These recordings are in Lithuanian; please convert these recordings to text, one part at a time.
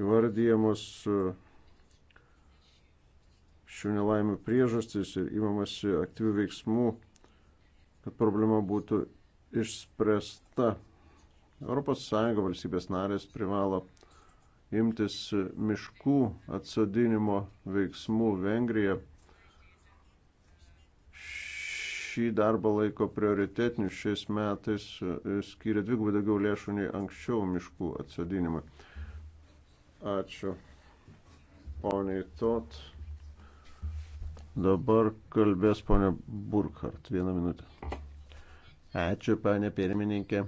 įvardyjamos e, šių nelaimių priežastys ir įmamasi aktyvių veiksmų, kad problema būtų išspręsta. ES valstybės narės privalo imtis miškų atsodinimo veiksmų Vengrija. Šį darbą laiko prioritetiniu šiais metais e, skiria dvigubai daugiau lėšų nei anksčiau miškų atsodinimui. Ačiū. Poniai Tot. Dabar kalbės ponia Burkhardt. Vieną minutę. Ačiū, panė pirmininkė.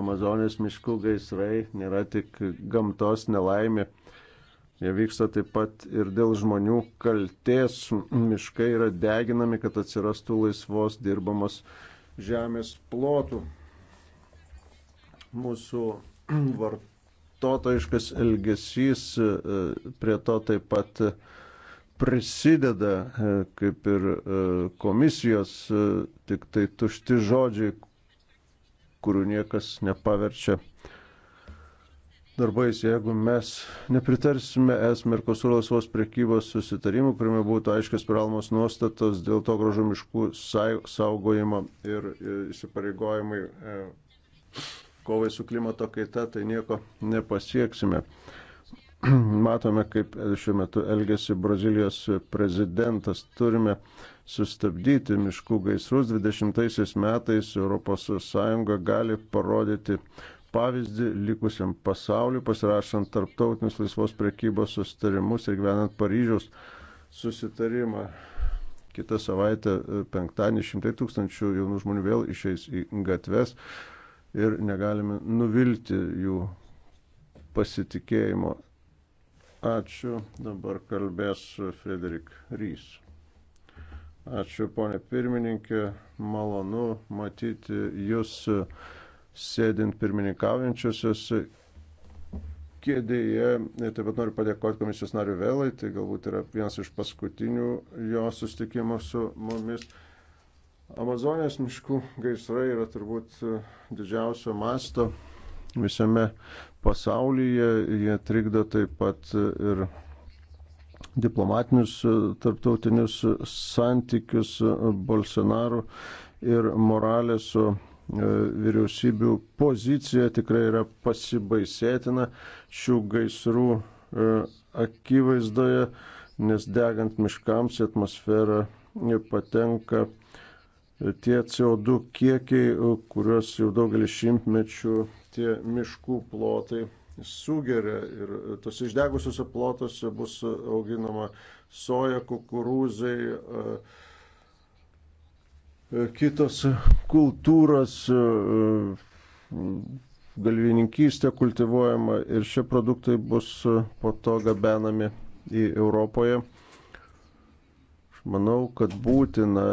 Amazonės miškų gaisrai nėra tik gamtos nelaimė. Jie vyksta taip pat ir dėl žmonių kalties. Miškai yra deginami, kad atsirastų laisvos dirbamos žemės plotų. Mūsų vartotojiškas elgesys e, prie to taip pat prisideda, e, kaip ir e, komisijos, tik tai tušti žodžiai, kurių niekas nepaverčia darbais, jeigu mes nepritarsime es Merkosur laisvos priekybos susitarimų, kuriame būtų aiškios privalomos nuostatos dėl to gražų miškų saugojimo ir įsipareigojimai kovai su klimato kaita, tai nieko nepasieksime. Matome, kaip šiuo metu elgesi Brazilijos prezidentas. Turime sustabdyti miškų gaisrus. 20 metais ES gali parodyti pavyzdį likusiam pasauliu, pasirašant tarptautinius laisvos priekybos sustarimus ir gyvenant Paryžiaus susitarimą. Kita savaitė, penktadienį, šimtai tūkstančių jaunų žmonių vėl išeis į gatves ir negalime nuvilti jų pasitikėjimo. Ačiū, dabar kalbės Frederik Rys. Ačiū, ponė pirmininkė, malonu matyti jūs sėdint pirmininkaujančiosios kėdėje. Ir taip pat noriu padėkoti komisijos nariu Vėlai, tai galbūt yra vienas iš paskutinių jo sustikimų su mumis. Amazonės miškų gaisrai yra turbūt e, didžiausio masto visame pasaulyje. Jie trikdo taip pat e, ir diplomatinius e, tarptautinius santykius Bolsonaro ir Moraleso vyriausybių pozicija tikrai yra pasibaisėtina šių gaisrų akivaizdoje, nes degant miškams į atmosferą patenka uh, tie CO2 kiekiai, kuriuos jau daugelį šimtmečių tie miškų plotai sugeria. Ir tos išdegusiuose plotuose bus auginama soja, kukurūzai, kitos kultūros, galvininkystė kultivuojama ir šie produktai bus po to gabenami į Europoje. Aš manau, kad būtina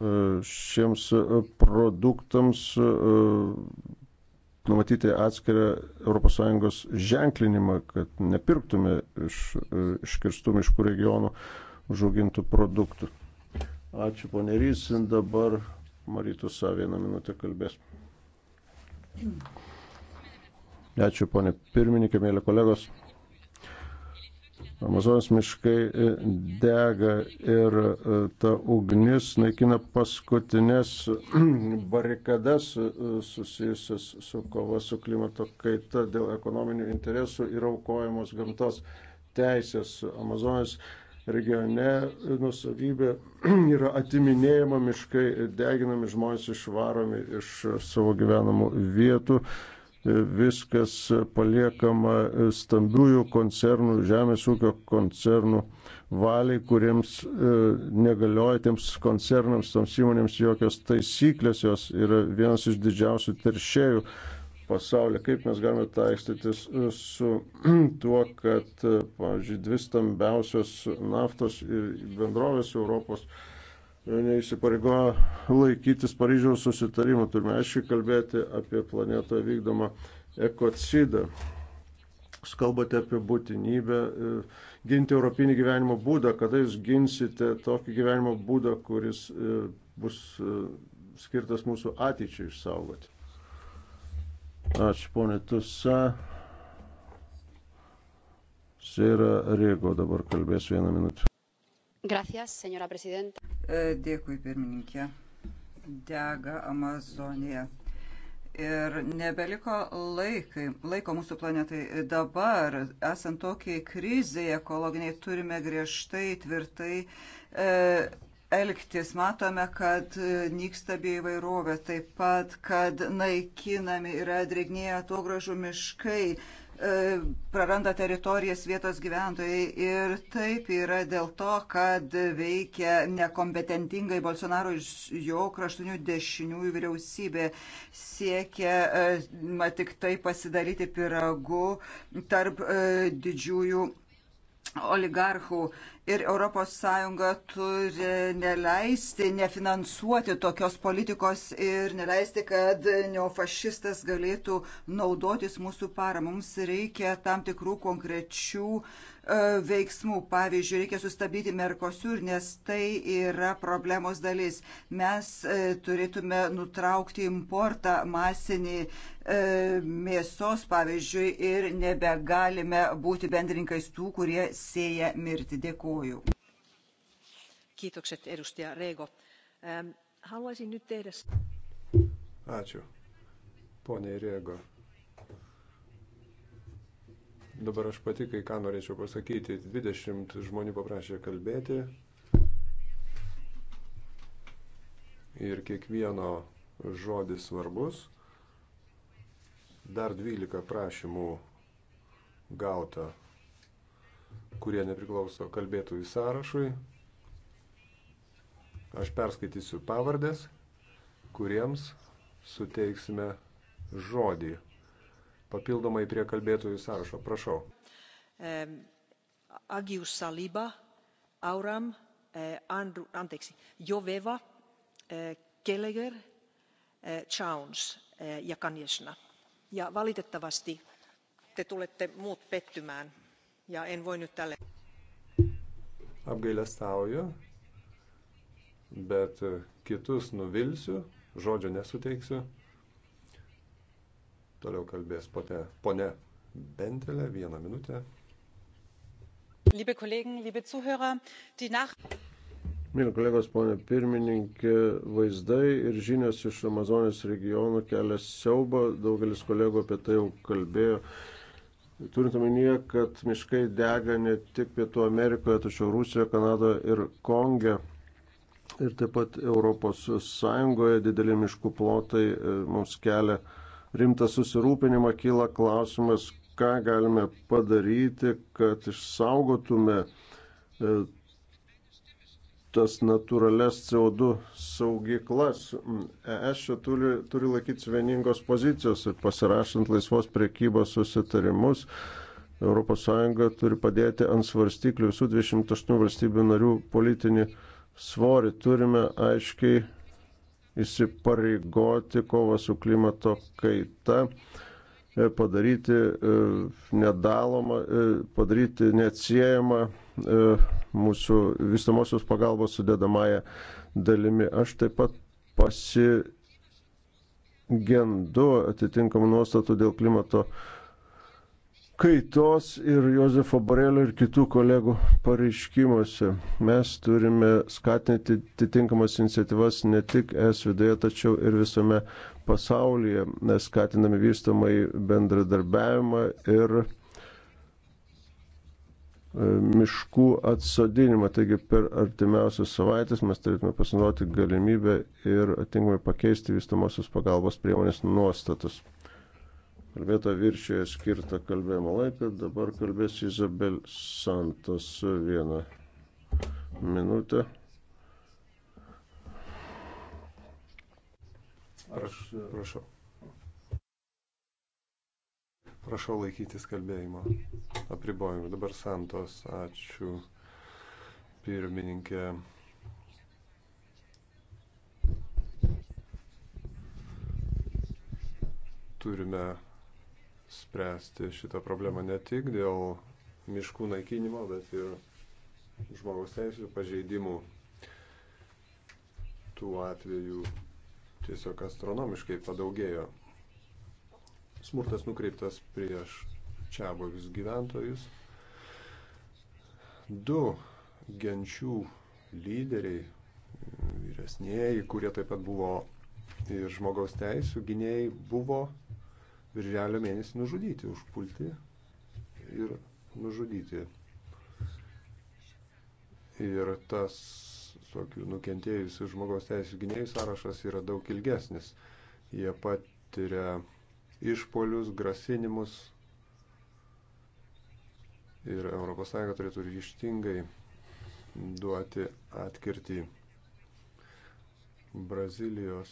E, šiems e, produktams e, numatyti atskirą ES ženklinimą, kad nepirktume iš iškirstų miškų regionų užaugintų produktų. Ačiū ponerys, dabar Marytų sa vieną minutę kalbės. Ačiū ponė pirmininkė, mėly kolegos. Amazonas miškai e, dega ir e, ta ugnis naikina paskutinės barikadas e, susijusias su kova su klimato kaita dėl ekonominių interesų ir aukojamos gamtos teisės. Amazonas regione nusavybė yra atiminėjama miškai, deginami žmonės išvaromi iš savo gyvenamų vietų viskas paliekama stambiųjų koncernų, žemės ūkio koncernų valiai, kuriems e, negaliojatiems koncernams, toms įmonėms jokios taisyklės, jos yra vienas iš didžiausių teršėjų pasaulyje. Kaip mes galime taikstytis e, su tuo, kad, e, pavyzdžiui, dvi stambiausios naftos bendrovės Europos neįsipareigoja laikytis Paryžiaus susitarimo. Turime aiškiai kalbėti apie planetoje vykdomą ekocidą. Jūs kalbate apie būtinybę e, ginti europinį gyvenimo būdą, kada jūs ginsite tokį gyvenimo būdą, kuris e, bus e, skirtas mūsų ateičiai išsaugoti. Ačiū, ponė Tusa. Sėra Riego dabar kalbės vieną minutę. Gracias, señora presidenta. E, dėkui, pirmininkė. Dega Amazonija. Ir nebeliko laikai, laiko mūsų planetai. Dabar, esant tokiai kriziai ekologiniai, turime griežtai, tvirtai e, elgtis. Matome, kad e, nyksta bioįvairovė, taip pat, kad naikinami yra dregnėje atogražų miškai, E, praranda teritorijas vietos gyventojai ir taip yra dėl to, kad veikia nekompetentingai Bolsonaro iš jo kraštinių dešiniųjų vyriausybė siekia e, tik tai pasidaryti piragu tarp e, didžiųjų oligarchų ir ES turi neleisti, nefinansuoti tokios politikos ir neleisti, kad neofašistas galėtų naudotis mūsų paramą. Mums reikia tam tikrų konkrečių uh, E, veiksmų. Pavyzdžiui, reikia sustabdyti Merkosiur, nes tai yra problemos dalis. Mes e, turėtume nutraukti importą masinį e, mėsos, pavyzdžiui, ir nebegalime būti bendrininkais tų, kurie sėja mirti. Dėkuoju. Kiitokset, edustaja Reigo. Haluaisin nyt tehdä... Ačiū, ponė Riego. Dabar aš pati kai ką norėčiau pasakyti. 20 žmonių paprašė kalbėti. Ir kiekvieno žodis svarbus. Dar 12 prašymų gauta, kurie nepriklauso kalbėtųjų sąrašui. Aš perskaitysiu pavardės, kuriems suteiksime žodį papildomai prie kalbėtojų sąrašo. Prašau. Um, Agius Saliba, Auram, eh, Andru, anteeksi, Joveva, eh, Gallagher, eh, Jones eh, ja Kanjesna. Ja valitettavasti te tulette muut pettymään ja en voi nyt tälle... Apgailestauju, bet kitus nuvilsiu, žodžio nesuteiksiu. Toliau kalbės ponė, ponė Bentelė, vieną minutę. Liebe Kollegen, liebe Zuhörer, die Nach Mėly kolegos, ponė pirmininkė, vaizdai ir žinios iš Amazonės regiono kelia siaubą, daugelis kolegų apie tai jau kalbėjo. Turint omenyje, kad miškai dega ne tik Pietų Amerikoje, tačiau Rusijoje, Kanadoje ir Konge. Ir taip pat Europos Sąjungoje dideli miškų plotai e, mums kelia uh, rimtą susirūpinimą kyla klausimas, ką galime padaryti, kad išsaugotume e, tas natūrales CO2 saugyklas. ES čia turi, turi laikytis vieningos pozicijos ir pasirašant laisvos priekybos susitarimus. ES turi padėti ant svarstyklių visų 28 valstybių narių politinį svorį. Turime aiškiai įsipareigoti kovą su klimato kaita, e, padaryti e, nedalomą, e, padaryti neatsiejamą mūsų visomosios pagalbos sudėdamąją dalimi. Aš taip pat pasigendu atitinkamų nuostatų dėl klimato kaitos ir Jozefo Borelio ir kitų kolegų pareiškimuose. Mes turime skatinti atitinkamas iniciatyvas ne tik es viduje, tačiau ir visame pasaulyje, nes skatiname vystomai bendradarbiavimą ir e, miškų atsodinimą. Taigi per artimiausias savaitės mes turėtume pasinaudoti galimybę ir atinkamai pakeisti vystomosios pagalbos priemonės nuostatus. Kalbėta viršioje skirtą kalbėjimo laiką, dabar kalbės Izabel Santos vieną minutę. Aš prašau. Prašau laikytis kalbėjimo. Apribojimų. Dabar Santos, ačiū pirmininkė. Turime spręsti šitą problemą ne tik dėl miškų naikinimo, bet ir žmogaus teisų pažeidimų. Tų atvejų tiesiog astronomiškai padaugėjo. Smurtas nukreiptas prieš čia buvius gyventojus. Du genčių lyderiai, vyresnėji, kurie taip pat buvo ir žmogaus teisų gynėjai, buvo virželio mėnesį nužudyti, užpulti ir nužudyti. Ir tas tokių nukentėjusių žmogaus teisų gynėjų sąrašas yra daug ilgesnis. Jie patiria išpolius, grasinimus. Ir ES turėtų ryštingai duoti atkirtį Brazilijos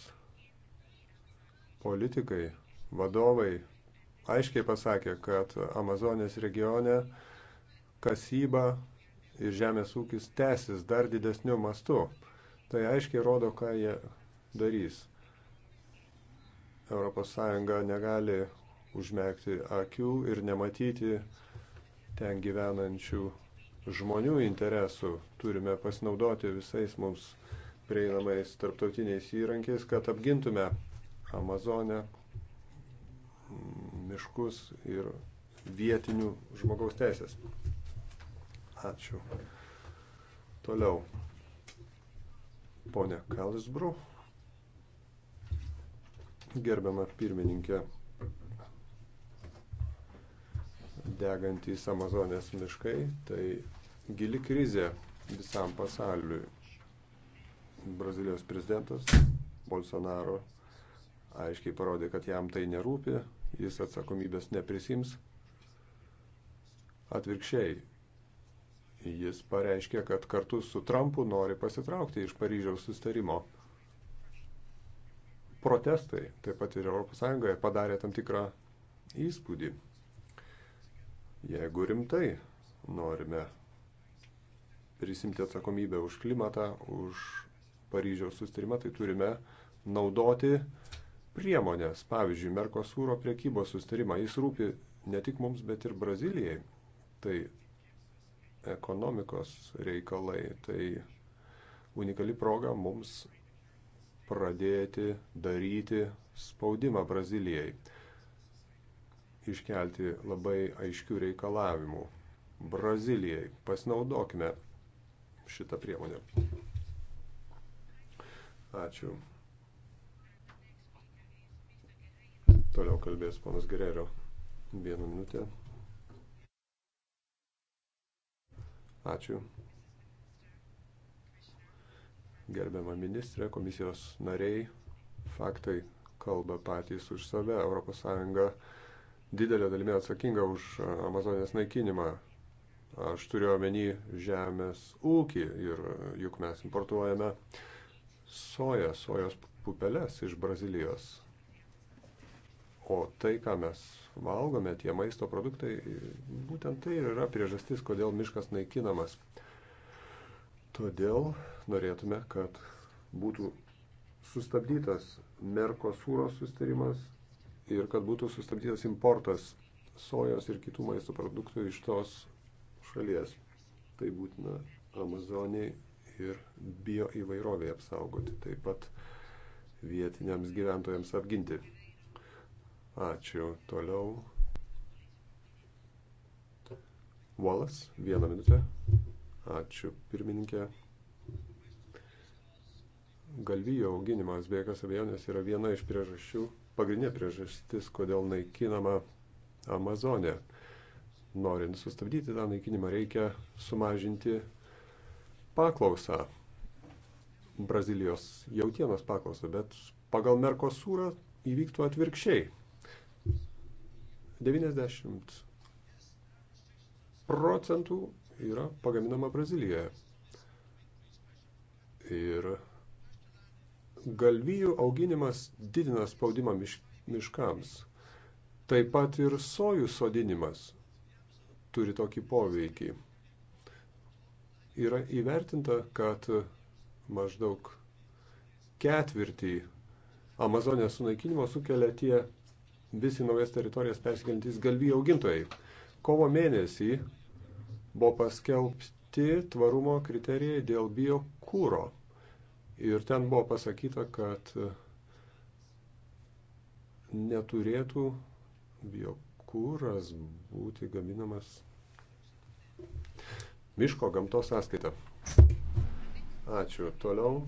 politikai vadovai aiškiai pasakė, kad Amazonės regione kasyba ir žemės ūkis tęsis dar didesniu mastu. Tai aiškiai rodo, ką jie darys. ES negali užmėgti akių ir nematyti ten gyvenančių žmonių interesų. Turime pasinaudoti visais mums prieinamais tarptautiniais įrankiais, kad apgintume Amazonę miškus ir vietinių žmogaus teisės. Ačiū. Toliau. Pone Kalisbru. Gerbiama pirmininkė. Degantys Amazonės miškai tai gili krizė visam pasauliui. Brazilijos prezidentas Bolsonaro aiškiai parodė, kad jam tai nerūpi, jis atsakomybės neprisims. Atvirkščiai, jis pareiškė, kad kartu su Trumpu nori pasitraukti iš Paryžiaus sustarimo. Protestai, taip pat ir ES, padarė tam tikrą įspūdį. Jeigu rimtai norime prisimti atsakomybę už klimatą, už Paryžiaus sustarimą, tai turime naudoti uh, priemonės, pavyzdžiui, Merkosūro priekybos sustarimą. Jis rūpi ne tik mums, bet ir Brazilijai. Tai ekonomikos reikalai, tai unikali proga mums pradėti daryti spaudimą Brazilijai, iškelti labai aiškių reikalavimų. Brazilijai pasinaudokime šitą priemonę. Ačiū. Toliau kalbės ponas Gerero. Vieną minutę. Ačiū. Gerbiama ministrė, komisijos nariai, faktai kalba patys už save. ES didelė dalimi atsakinga už Amazonės naikinimą. Aš turiu omeny žemės ūkį ir juk mes importuojame soją, sojos pupeles iš Brazilijos. O tai, ką mes valgome, tie maisto produktai, būtent tai ir yra priežastis, kodėl miškas naikinamas. Todėl norėtume, kad būtų sustabdytas Merkosūro sustarimas ir kad būtų sustabdytas importas sojos ir kitų maisto produktų iš tos šalies. Tai būtina Amazonijai ir bioįvairoviai apsaugoti, taip pat vietiniams gyventojams apginti. Ačiū. Toliau. Valas, vieną minutę. Ačiū, pirmininkė. Galvijo auginimas, be jokios abejonės, yra viena iš priežasčių, pagrindinė priežastis, kodėl naikinama Amazonė. Norint sustabdyti tą naikinimą, reikia sumažinti paklausą. Brazilijos jautienos paklausą, bet pagal Merkosūrą įvyktų atvirkščiai. 90 procentų yra pagaminama Brazilijoje. Ir galvijų auginimas didina spaudimą miš, miškams. Taip pat ir sojų sodinimas turi tokį poveikį. Yra įvertinta, kad maždaug ketvirtį Amazonės sunaikinimo sukelia tie visi naujas teritorijas persikintys galvijų augintojai. Kovo mėnesį buvo paskelbti tvarumo kriterijai dėl bio kūro. Ir ten buvo pasakyta, kad neturėtų bio kūras būti gaminamas miško gamtos sąskaita. Ačiū. Toliau.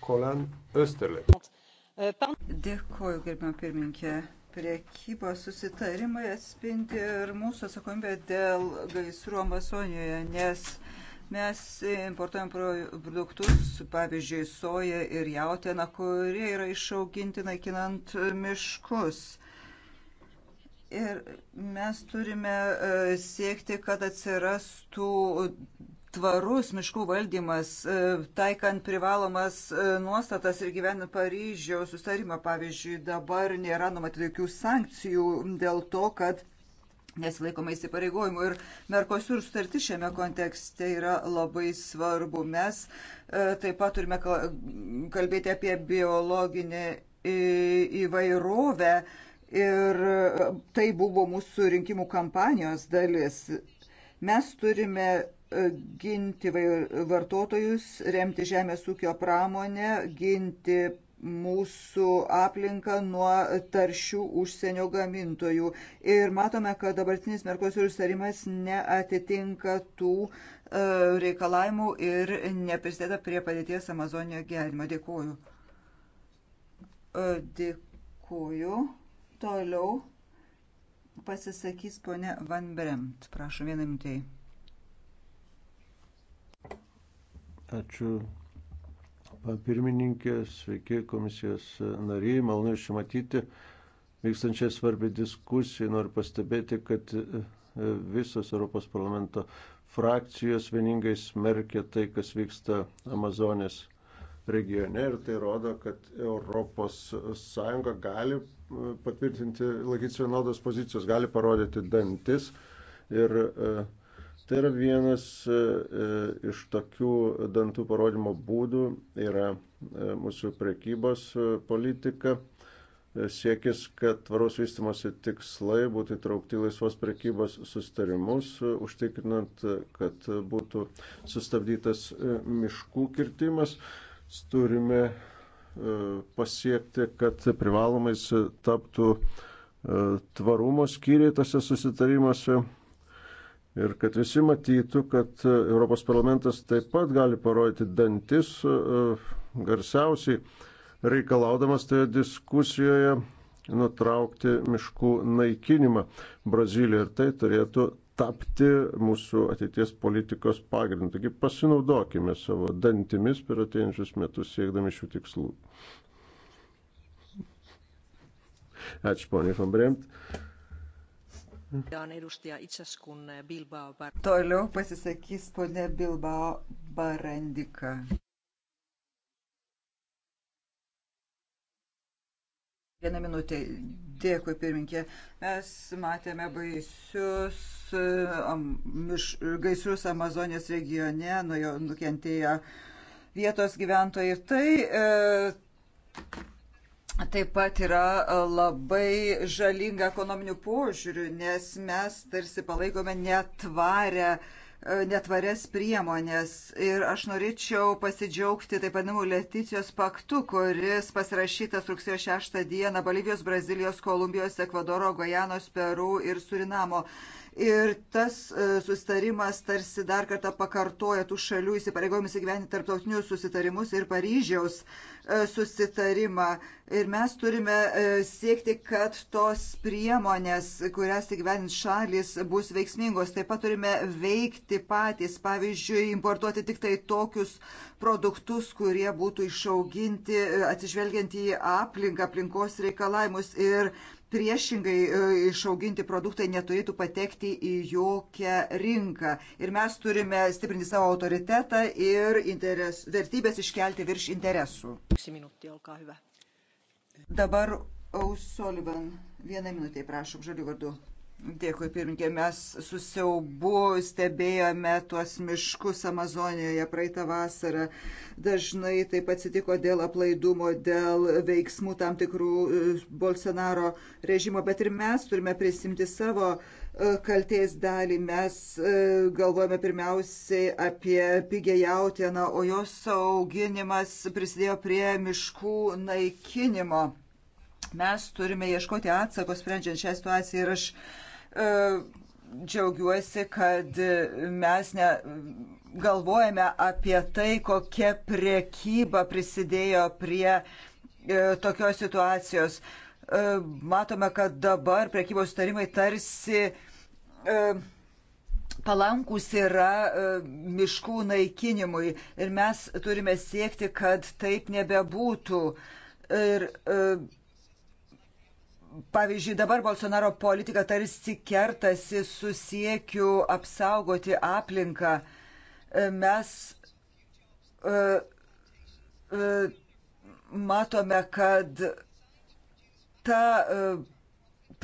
Kolan Österle. E, Dėkuoju, gerbimo pirmininkė. Priekybos susitarimai atspindi ir mūsų atsakomybę dėl gaisrų Amazonijoje, nes mes importuojam produktus, pavyzdžiui, soją ir jautieną, kurie yra išauginti naikinant miškus. Ir mes turime e, siekti, kad atsirastų tvarus miškų valdymas, e, taikant privalomas e, nuostatas ir gyvenant Paryžiaus sustarimą, pavyzdžiui, dabar nėra numatyti jokių sankcijų dėl to, kad nesilaikoma įsipareigojimų. Ir Merkosur sutartis šiame kontekste yra labai svarbu. Mes e, taip pat turime kalbėti apie biologinę įvairovę. Ir tai buvo mūsų rinkimų kampanijos dalis. Mes turime ginti vartotojus, remti žemės ūkio pramonę, ginti mūsų aplinką nuo taršių užsienio gamintojų. Ir matome, kad dabartinis Merkosių sustarimas neatitinka tų e, reikalavimų ir neprisideda prie padėties Amazonijoje gerimo. Dėkuoju. E, dėkuoju. Toliau pasisakys ponia Van Bremt. Prašom vieną minutę. Ačiū pirmininkė, sveiki komisijos nariai, malonu iš matyti. Vykstančią svarbią diskusiją noriu pastebėti, kad e, visos Europos parlamento frakcijos vieningai smerkia tai, kas vyksta Amazonės regione ir tai rodo, kad ES gali e, patvirtinti, laikytis vienodos pozicijos, gali parodyti dantis ir uh, Tai yra vienas e, e, iš tokių dantų parodymo būdų, yra e, mūsų prekybos politika, siekis, kad tvaraus vystimosi tikslai būtų įtraukti laisvos prekybos sustarimus, užtikrinant, kad būtų sustabdytas miškų kirtimas. Turime pasiekti, kad privalomais taptų tvarumo skyriai tose susitarimuose Ir kad visi matytų, kad e, Europos parlamentas taip pat gali parodyti dantis e, garsiausiai reikalaudamas toje diskusijoje nutraukti miškų naikinimą Brazilijoje. Ir tai turėtų tapti mūsų ateities politikos pagrindu. Taigi pasinaudokime savo dantimis per ateinančius metus siekdami šių tikslų. Ačiū, poniai Fambremt. Eh, Toliau pasisakys ponė Bilbao Barandika. Vieną minutę. Dėkui, pirminkė. Mes matėme baisius eh, gaisrus Amazonės regione, nuo jo nukentėjo vietos gyventojai. Tai e, taip pat yra e, labai žalinga ekonominių požiūrių, nes mes tarsi palaikome netvarę e, netvarias priemonės. Ir aš norėčiau pasidžiaugti taip vadinamu Leticijos paktu, kuris pasirašytas rugsėjo 6 dieną Bolivijos, Brazilijos, Kolumbijos, Ekvadoro, Gojanos, Peru ir Surinamo ir tas e, susitarimas tarsi dar kartą pakartoja tų šalių įsipareigojimus įgyventi tarptautinius susitarimus ir Paryžiaus e, susitarimą. Ir mes turime e, siekti, kad tos priemonės, kurias įgyvendint šalis, bus veiksmingos. Taip pat turime veikti patys, pavyzdžiui, importuoti tik tai tokius produktus, kurie būtų išauginti atsižvelgiant į aplinką, aplinkos reikalavimus. Ir priešingai e, išauginti produktai neturėtų patekti į jokią rinką. Ir mes turime stiprinti savo autoritetą ir interes, vertybės iškelti virš interesų. Dabar O'Sullivan, vieną minutę, prašom, žaliu vardu. Dėkui, pirmininkė. Mes su siaubu stebėjome tuos miškus Amazonijoje praeitą vasarą. Dažnai taip atsitiko dėl aplaidumo, dėl veiksmų tam tikrų e, Bolsonaro režimo, bet ir mes turime prisimti savo e, kalties dalį. Mes e, galvojame pirmiausiai apie pigę jautieną, o jos auginimas prisidėjo prie miškų naikinimo. Mes turime ieškoti atsako sprendžiant šią situaciją ir aš uh, E, džiaugiuosi, kad mes ne, galvojame apie tai, kokia priekyba prisidėjo prie e, tokios situacijos. E, matome, kad dabar priekybos sutarimai tarsi e, palankus yra e, miškų naikinimui ir mes turime siekti, kad taip nebebūtų. Ir, e, Pavyzdžiui, dabar Bolsonaro politika tarsi kertasi su siekiu apsaugoti aplinką. E, mes uh, uh, matome, kad ta uh,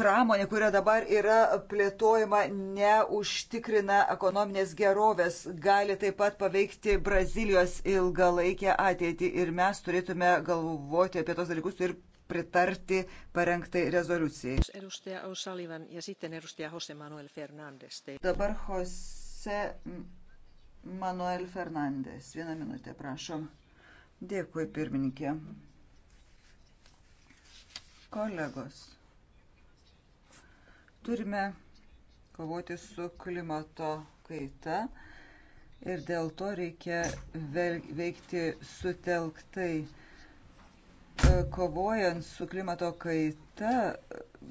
pramonė, kuria dabar yra plėtojama, neužtikrina ekonominės gerovės, gali taip pat paveikti Brazilijos ilgalaikę ateitį ir mes turėtume galvoti apie tos dalykus ir pritarti parengtai rezoliucijai. Dabar Jose Manuel Fernandes. Vieną minutę, prašom. Dėkui, pirmininkė. Kolegos, turime kovoti su klimato kaita ir dėl to reikia veikti sutelktai E, kovojant su klimato kaita,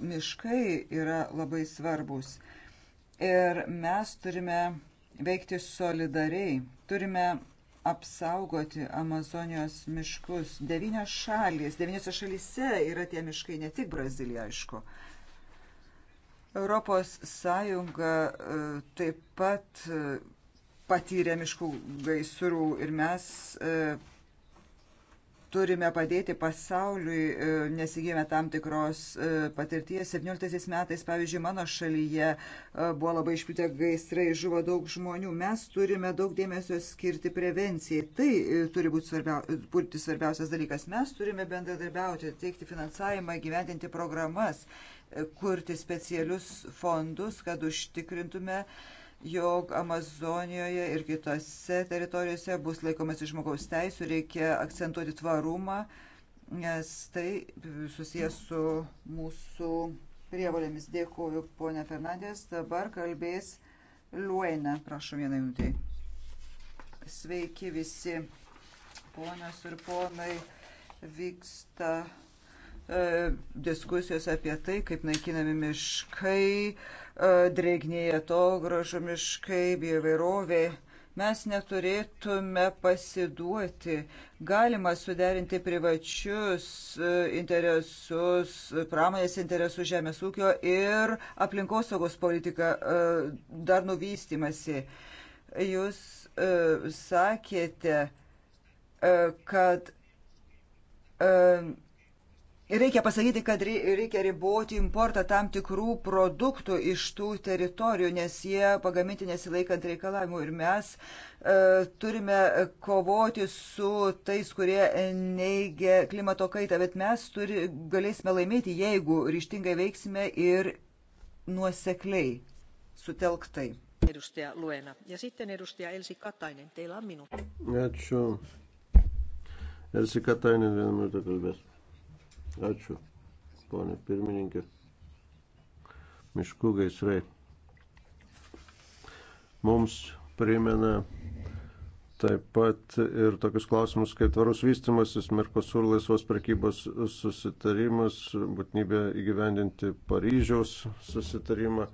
miškai yra labai svarbus. Ir mes turime veikti solidariai, turime apsaugoti Amazonijos miškus. Devynios šalys, devyniose šalyse yra tie miškai, ne tik Brazilija, aišku. Europos Sąjunga e, taip pat e, patyrė miškų gaisrų ir mes turime padėti pasauliui, e, nesigėjome tam tikros e, patirties. 17 metais, pavyzdžiui, mano šalyje e, buvo labai išplitę gaisrai, žuvo daug žmonių. Mes turime daug dėmesio skirti prevencijai. Tai turi būti svarbia, svarbiausias dalykas. Mes turime bendradarbiauti, teikti finansavimą, gyventinti programas kurti specialius fondus, kad užtikrintume uh, jog Amazonijoje ir kitose teritorijose bus laikomasi žmogaus teisų, reikia akcentuoti tvarumą, nes tai susijęs su mūsų prievolėmis. Dėkuoju, ponė Fernandės. Dabar kalbės Liuena. Prašom vieną minutį. Sveiki visi, ponios ir ponai. Vyksta E, diskusijos apie tai, kaip naikinami miškai, e, drėgnėje to gražu miškai, bioįvairovė. Mes neturėtume pasiduoti. Galima suderinti privačius e, interesus, pramonės interesus žemės ūkio ir aplinkosaugos politiką dar nuvystymasi. Jūs sakėte, kad Reikia pasakyti, kad reikia riboti importą tam tikrų produktų iš tų teritorijų, nes jie pagaminti nesilaikant reikalavimų. Ir mes e, turime kovoti su tais, kurie neigia klimato kaitą, bet mes turi, galėsime laimėti, jeigu ryštingai veiksime ir nuosekliai, sutelktai. Ačiū. Elsi Katainen vieną minutę kalbės. Ačiū, ponė pirmininkė. Miškų gaisrai mums primena taip pat ir tokius klausimus, kaip tvarus vystimasis, Merkosur laisvos prekybos susitarimas, būtinybė įgyvendinti Paryžiaus susitarimą,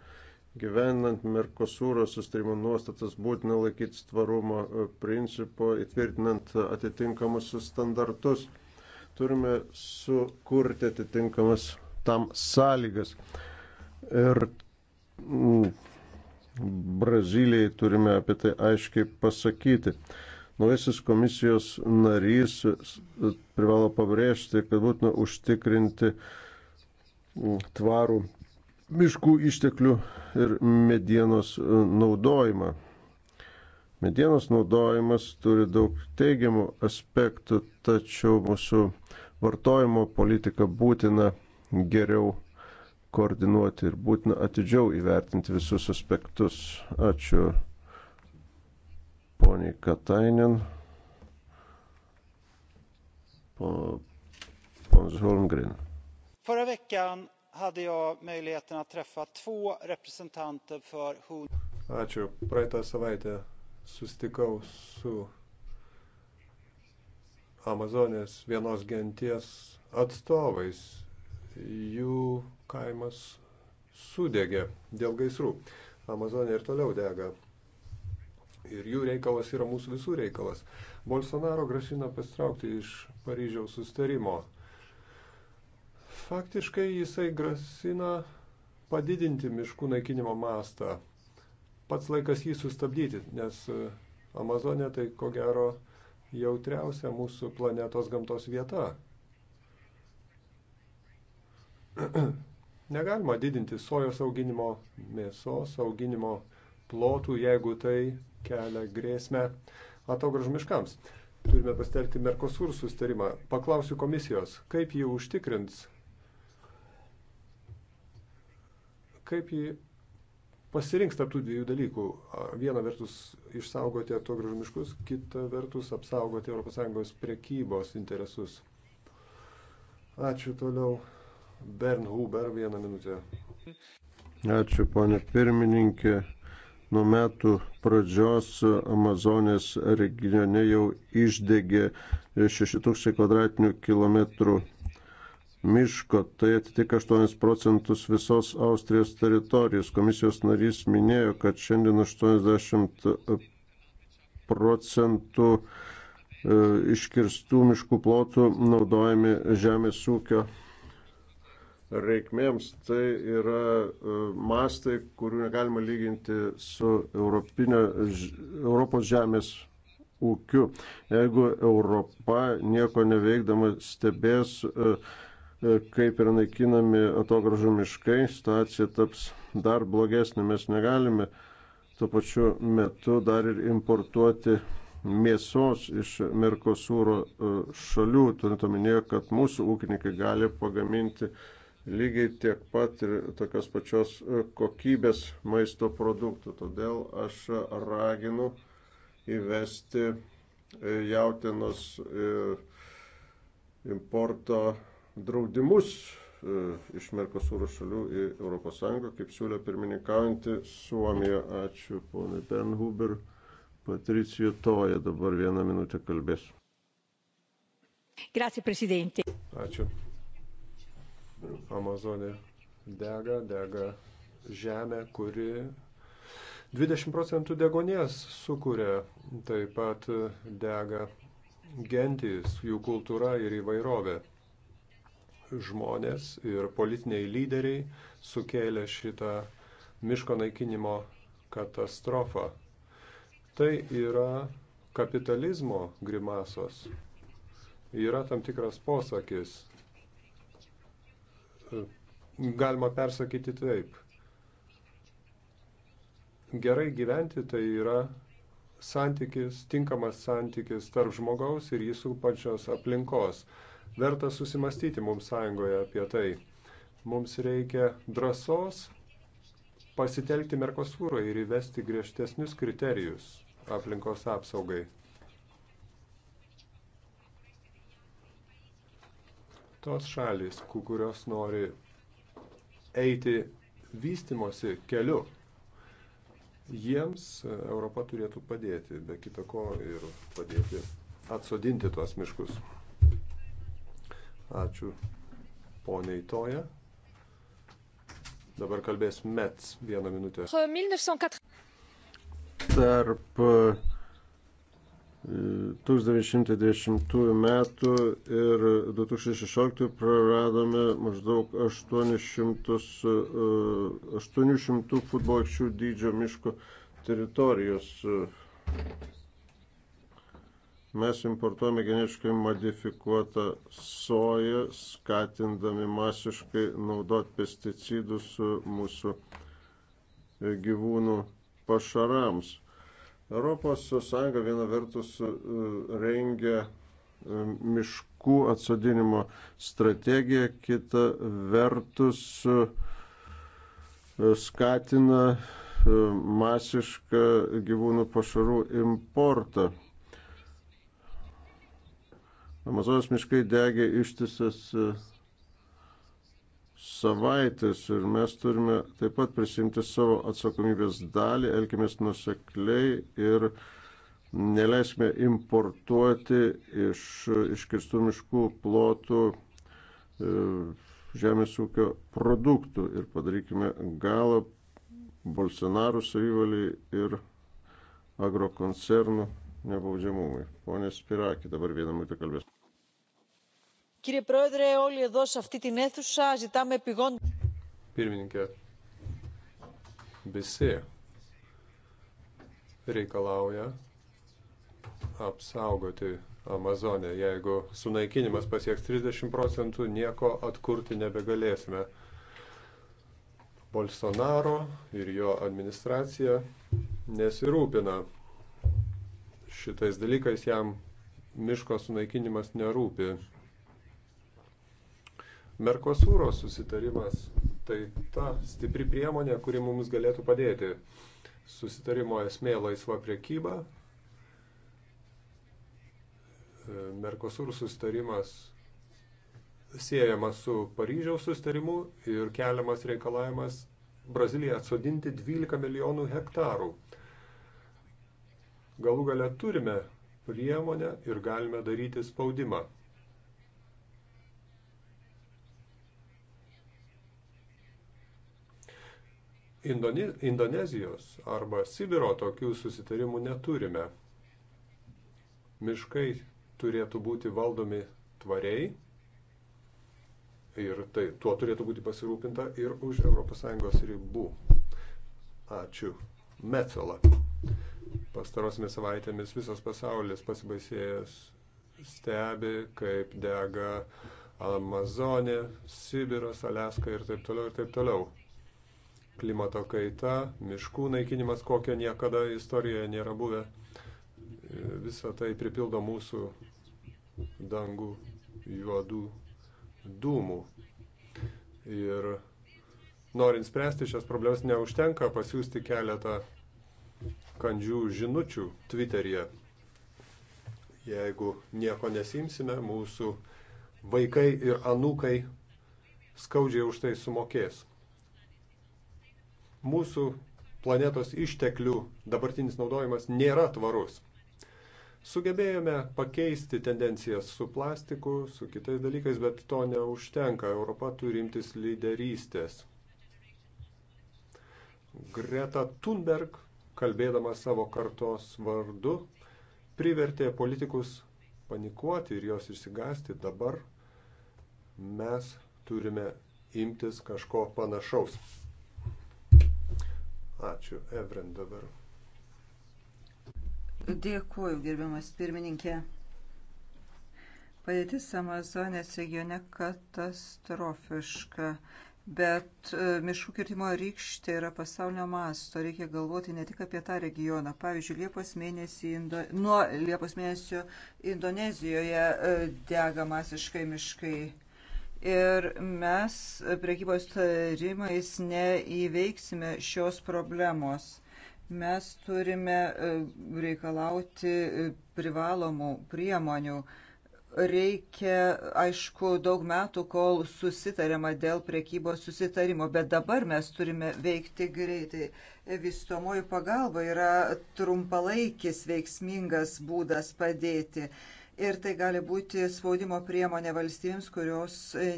gyvenant Merkosūro susitarimo nuostatas būtina laikytis tvarumo principo, įtvirtinant atitinkamus standartus turime sukurti atitinkamas tam sąlygas. Ir mm, Brazilijai turime apie tai aiškiai pasakyti. Naujasis komisijos narys privalo pabrėžti, kad būtina užtikrinti mm, tvarų miškų išteklių ir medienos naudojimą. Medienos naudojimas turi daug teigiamų aspektų, tačiau mūsų vartojimo politiką būtina geriau koordinuoti ir būtina atidžiau įvertinti visus aspektus. Ačiū poniai Katainen. Pons Holmgren. Förra veckan hade jag möjligheten att träffa två representanter för Ačiū. Praeitą savaitę sustikau su Amazonės vienos genties atstovais. Jų kaimas sudegė dėl gaisrų. Amazonė ir toliau dega. Ir jų reikalas yra mūsų visų reikalas. Bolsonaro grasina pasitraukti iš Paryžiaus sustarimo. Faktiškai jisai grasina padidinti miškų naikinimo mastą. Pats laikas jį sustabdyti, nes e, Amazonė tai ko gero jautriausia mūsų planetos gamtos vieta. Negalima didinti sojos auginimo, mėsos auginimo plotų, jeigu tai kelia grėsmę atogražų miškams. Turime pastelti Merkosur sustarimą. Paklausiu komisijos, kaip jį užtikrins, kaip jį pasirinks tarptų dviejų dalykų. Viena vertus išsaugoti to gražų miškus, kita vertus apsaugoti ES priekybos interesus. Ačiū toliau. Bernhuber, vieną minutę. Ačiū, ponė pirmininkė. Nuo metų pradžios Amazonės regione jau išdegė 6000 km2 miško. Tai atitika 8 procentus visos Austrijos teritorijos. Komisijos narys minėjo, kad šiandien 80 procentų e, iškirstų miškų plotų naudojami žemės ūkio reikmėms. Tai yra e, mastai, kurių negalima lyginti su Europinio, Europos žemės ūkiu. Jeigu Europa nieko neveikdama stebės, uh, E, kaip yra naikinami atogražų miškai, situacija taps dar blogesnė. Mes negalime tuo pačiu metu dar ir importuoti mėsos iš Merkosūro e, šalių, turint omenyje, kad mūsų ūkininkai gali pagaminti lygiai tiek pat ir tokios pačios e, kokybės maisto produktų. Todėl aš raginu įvesti jautienos importo draudimus e, iš Merkosūro šalių į ES, kaip siūlė pirmininkaujantį Suomiją. Ačiū, ponai Bernhuber. Patricijų Toja dabar vieną minutę kalbės. Grazie, prezidentė. Ačiū. Amazonė dega, dega žemė, kuri 20 procentų degonės sukuria, taip pat dega gentys, jų kultūra ir įvairovė žmonės ir politiniai lyderiai sukėlė šitą miško naikinimo katastrofą. Tai yra kapitalizmo grimasos. Yra tam tikras posakis. Galima persakyti taip. Gerai gyventi tai yra santykis, tinkamas santykis tarp žmogaus ir jį supančios aplinkos. Verta susimastyti mums sąjungoje apie tai. Mums reikia drąsos pasitelkti Merkosūrą ir įvesti griežtesnius kriterijus aplinkos apsaugai. Tos šalis, kurios nori eiti vystimosi keliu, jiems e, Europa turėtų padėti, be kita ko ir padėti atsodinti tuos miškus. Ačiū poniai Toja. Dabar kalbės Mets vieną minutę. Tarp 1920 e, metų ir 2016 praradome maždaug 800, 800 futbolčių dydžio miško teritorijos. Mes importuojame genetiškai modifikuotą soją, skatindami masiškai naudoti pesticidus mūsų gyvūnų pašarams. Europos Sąjunga viena vertus e, rengia e, miškų atsodinimo strategiją, kita vertus e, skatina masišką gyvūnų pašarų importą. Amazonas miškai degė ištisas e, savaitės ir mes turime taip pat prisimti savo atsakomybės dalį, elkimės nusekliai ir neleisime importuoti iš iškirstų miškų plotų e, žemės ūkio produktų ir padarykime galą Bolsonaro savivaliai ir agrokoncernų nebaudžiamumui. Pone Spiraki, dabar vieną minutę kalbės. Kyrie Prodre, όλοι εδώ σε αυτή την αίθουσα ζητάμε επιγόντω. Pirmininkė, visi reikalauja apsaugoti Amazonę. Jeigu sunaikinimas pasieks 30 procentų, nieko atkurti nebegalėsime. Bolsonaro ir jo administracija nesirūpina šitais dalykais, jam miško sunaikinimas nerūpi. Merkosūro susitarimas tai ta stipri priemonė, kuri mums galėtų padėti. Susitarimo esmė laisva priekyba. Merkosūro susitarimas siejamas su Paryžiaus susitarimu ir keliamas reikalavimas Braziliją atsodinti 12 milijonų hektarų. Galų gale turime priemonę ir galime daryti spaudimą. Indone, Indonezijos arba Sibiro tokių susitarimų neturime. Miškai turėtų būti valdomi tvariai ir tai, tuo turėtų būti pasirūpinta ir už ES ribų. Ačiū. Metzola pastarosiamis savaitėmis visas pasaulis pasibaisėjęs stebi, kaip dega Amazonė, Sibiras, Aleska ir taip toliau ir taip toliau. Klimato kaita, miškų naikinimas, kokio niekada istorijoje nėra buvę, visa tai pripildo mūsų dangų juodų dūmų. Ir norint spręsti šias problemas neužtenka pasiūsti keletą kandžių žinučių Twitter'yje. Jeigu nieko nesimsime, mūsų vaikai ir anūkai skaudžiai už tai sumokės. Mūsų planetos išteklių dabartinis naudojimas nėra tvarus. Sugebėjome pakeisti tendencijas su plastiku, su kitais dalykais, bet to neužtenka. Europa turi imtis lyderystės. Greta Thunberg kalbėdamas savo kartos vardu, privertė politikus panikuoti ir jos išsigasti. Dabar mes turime imtis kažko panašaus. Ačiū, Evren dabar. Dėkuoju, gerbiamas pirmininkė. Padėtis Amazonės regione katastrofiška. Bet e, miškų kirtimo rykštė yra pasaulio masto. Reikia galvoti ne tik apie tą regioną. Pavyzdžiui, Liepos mėnesį Indo... nuo Liepos mėnesio Indonezijoje e, dega masiškai miškai. Ir mes priekybos tarimais neįveiksime šios problemos. Mes turime e, reikalauti privalomų priemonių Reikia, aišku, daug metų, kol susitarėma dėl priekybos susitarimo, bet dabar mes turime veikti greitai. Vystomoji pagalba yra trumpalaikis veiksmingas būdas padėti. Ir tai gali būti spaudimo priemonė valstybėms, kurios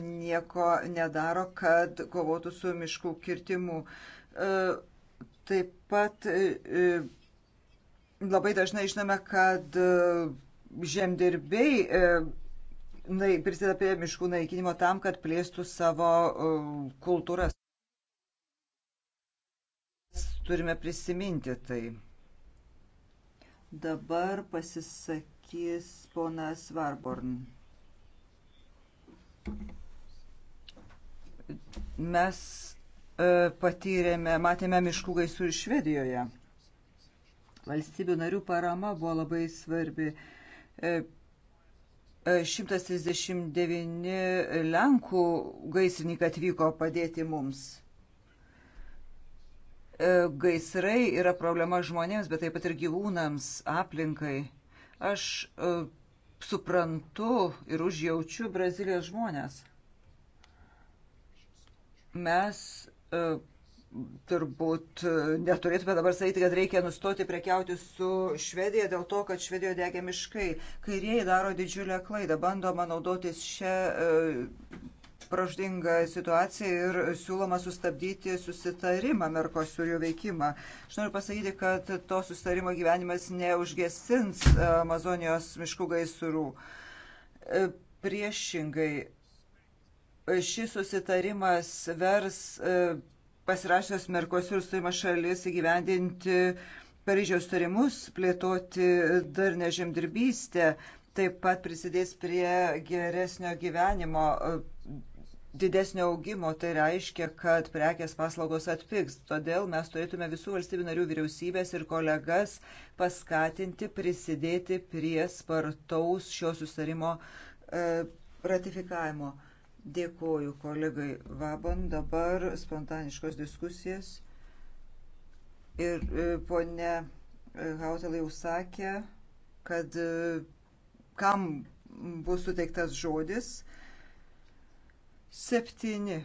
nieko nedaro, kad kovotų su miškų kirtimu. E, taip pat e, labai dažnai žinome, kad žemdirbiai e, prisideda prie miškų naikinimo tam, kad plėstų savo e, kultūras. Turime prisiminti tai. Dabar pasisakys ponas Varborn. Mes e, patyrėme, matėme miškų gaisrų ir Švedijoje. Valstybių narių parama buvo labai svarbi. E, 139 e, e, Lenkų gaisrininkai atvyko padėti mums. E, gaisrai yra problema žmonėms, bet taip pat ir gyvūnams, aplinkai. Aš suprantu ir užjaučiu Brazilijos žmonės. Mes turbūt e, neturėtume dabar sakyti, kad reikia nustoti prekiauti su Švedija dėl to, kad Švedijoje degia miškai. Kairieji daro didžiulę klaidą, bandoma naudotis šią e, praždingą situaciją ir siūloma sustabdyti susitarimą Merkosurių veikimą. Aš noriu pasakyti, kad to susitarimo gyvenimas neužgesins e, Amazonijos miškų gaisrų. Priešingai, šis susitarimas vers pasirašęs Merkosur suima šalis įgyvendinti Paryžiaus tarimus, plėtoti dar nežemdirbystę, taip pat prisidės prie geresnio gyvenimo, didesnio augimo. Tai reiškia, kad prekės paslaugos atpiks. Todėl mes turėtume visų valstybių narių vyriausybės ir kolegas paskatinti prisidėti prie spartaus šio sustarimo e, ratifikavimo. Dėkuoju kolegai Vabon. Dabar spontaniškos diskusijas. Ir e, ponė e, Hautelai jau sakė, kad e, kam bus suteiktas žodis. Septyni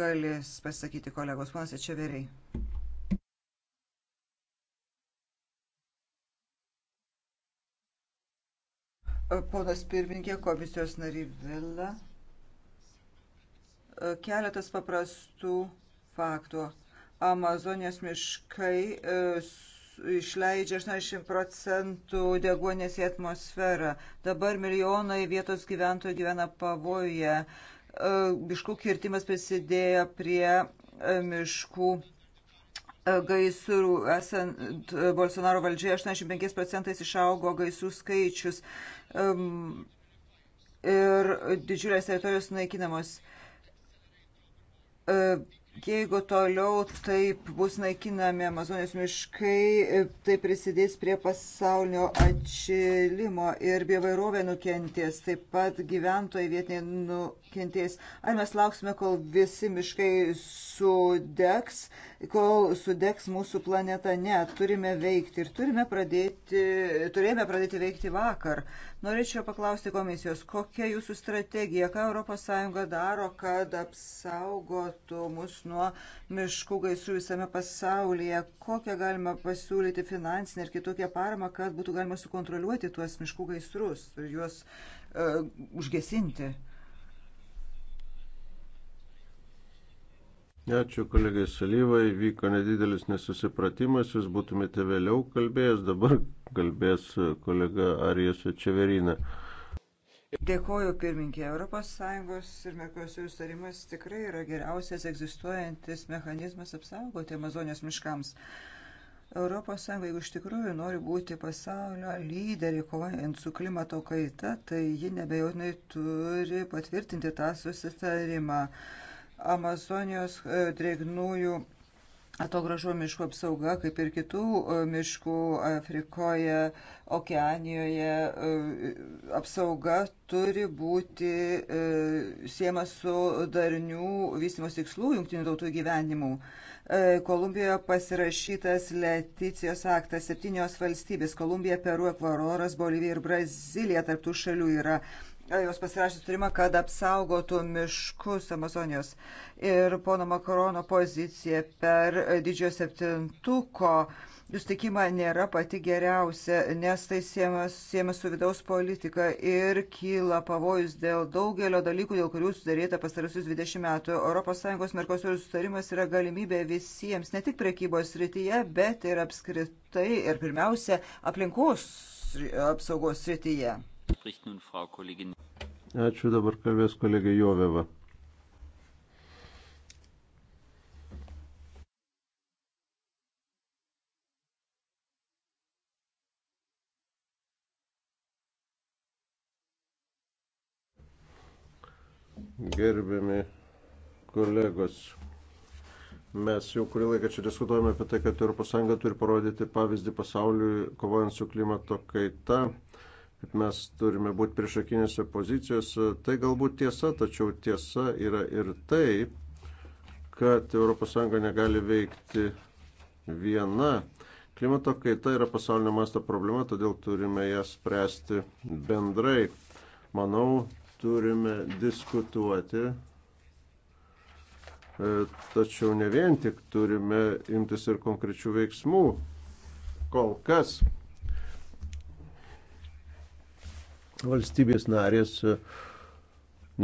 galės pasakyti kolegos. Ponas Ečeveriai. Ponas pirmininkė, komisijos narybėlė. Keletas paprastų faktų. Amazonės miškai e, išleidžia 80 procentų deguonės į atmosferą. Dabar milijonai vietos gyventojų gyvena pavojuje. E, miškų kirtimas prisidėjo prie e, miškų gaisrų. Esant Bolsonaro valdžiai 85 procentais išaugo gaisrų skaičius ir didžiulės teritorijos naikinamos. E, jeigu toliau taip bus naikinami Amazonės miškai, e, tai prisidės prie pasaulio atšilimo ir bioįvairovė nukentės, taip pat gyventojai vietiniai nukentės. Ar mes lauksime, kol visi miškai sudegs, kol sudegs mūsų planeta? Ne, turime veikti ir turime pradėti, turėjome pradėti veikti vakar. Uh, Norėčiau paklausti komisijos, kokia jūsų strategija, ką ES daro, kad apsaugotų mus nuo miškų gaisrų visame pasaulyje, kokią galima pasiūlyti finansinę ir kitokią paramą, kad būtų galima sukontroliuoti tuos miškų gaisrus ir juos uh, užgesinti. Ačiū kolegai Salyvai, vyko nedidelis nesusipratimas, jūs būtumėte vėliau kalbėjęs, dabar kalbės kolega Arijas Čeverina. Dėkoju pirmininkė. ES ir Merkosių sutarimas tikrai yra geriausias egzistuojantis mechanizmas apsaugoti Amazonijos miškams. ES, jeigu iš tikrųjų nori būti pasaulio lyderį kovojant su klimato kaita, tai ji nebejotinai turi patvirtinti tą susitarimą. Amazonijos e, drėgnųjų atogražų miškų apsauga, kaip ir kitų e, miškų Afrikoje, Okeanijoje, e, apsauga turi būti siema su darnių vystimos tikslų jungtinių tautų gyvenimu. Kolumbijoje pasirašytas Leticijos aktas septynios valstybės - Kolumbija, Peru, Ekvaroras, Bolivija ir Brazilija tarptų šalių yra E, jos pasirašė sutarimą, kad apsaugotų miškus Amazonijos. Ir pono Makarono pozicija per didžiojo septintuko sustikimą nėra pati geriausia, nes tai siema su vidaus politika ir kyla pavojus dėl daugelio dalykų, dėl kurių sudaryta pastarusius 20 metų. ES Merkosur sustarimas yra galimybė visiems, ne tik prekybos srityje, bet ir apskritai ir pirmiausia aplinkos apsaugos srityje. Ačiū dabar kalbės kolegė Joveva. Gerbiami kolegos, mes jau kurį laiką čia diskutuojame apie tai, kad ES turi parodyti pavyzdį pasauliui kovojant su klimato kaita kad mes turime būti priešakinėse pozicijose. Tai galbūt tiesa, tačiau tiesa yra ir tai, kad ES negali veikti viena. Klimato kaita yra pasaulinio masto problema, todėl turime ją spręsti bendrai. Manau, turime diskutuoti, e, tačiau ne vien tik turime imtis ir konkrečių veiksmų. Kol kas valstybės narės e,